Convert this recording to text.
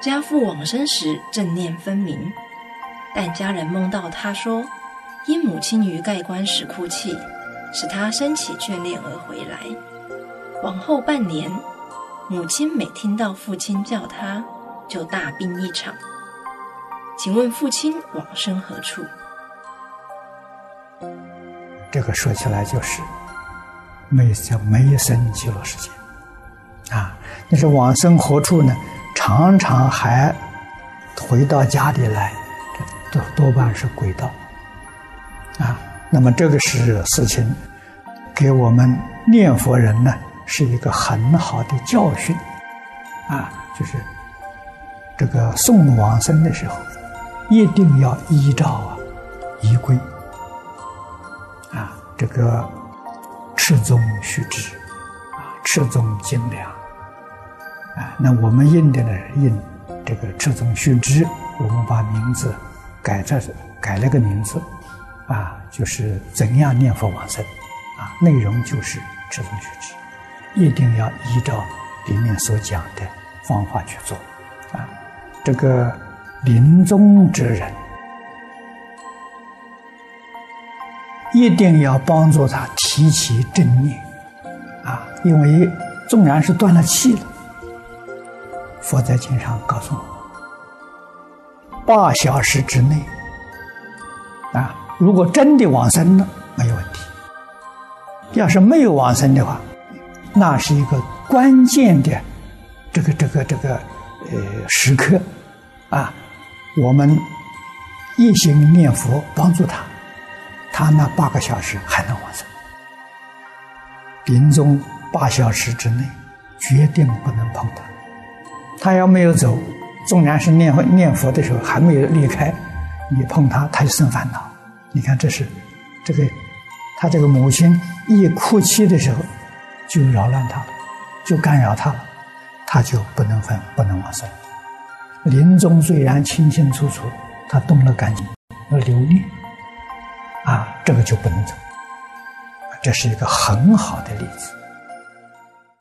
家父往生時正念分明，但家人夢到他說：“因母親於蓋棺時哭泣，使他生起眷戀而回來。”往後半年，母親每聽到父親叫他，就大病一場。請問父親往生何處？這個說起來就是，沒有沒生極樂世界啊！但是往生何處呢？常常還回到家裡來，多多半是鬼道啊。那麼這個是事情，給我們念佛人呢，是一個很好的教訓啊。就是這個送往生的時候，一定要依照啊儀規啊，這個飭終須知啊，飭終津梁。那我們印的呢印，這個《飭終須知》，我們把名字改在改了個名字，啊，就是怎樣念佛往生，啊，內容就是《飭終須知》，一定要依照裡面所講的方法去做，啊，這個臨終之人，一定要幫助他提起正念，啊，因為縱然是斷了氣了。佛在經上告訴我，八小時之內，啊，如果真的往生了，沒有問題；要是沒有往生的話，那是一個關鍵的、這個，這個這個這個，呃，時刻，啊，我們一心念佛幫助他，他那八個小時還能往生。臨終八小時之內，決定不能碰他。他要沒有走，縱然是念佛，念佛的時候還沒有離開，你碰他，他就生煩惱。你看這是這個他這個母親一哭泣的時候，就擾亂他了，就干擾他了，他就不能分，不能往生。臨終雖然清清楚楚，他動了感情，要留戀，啊，這個就不能走。這是一個很好的例子。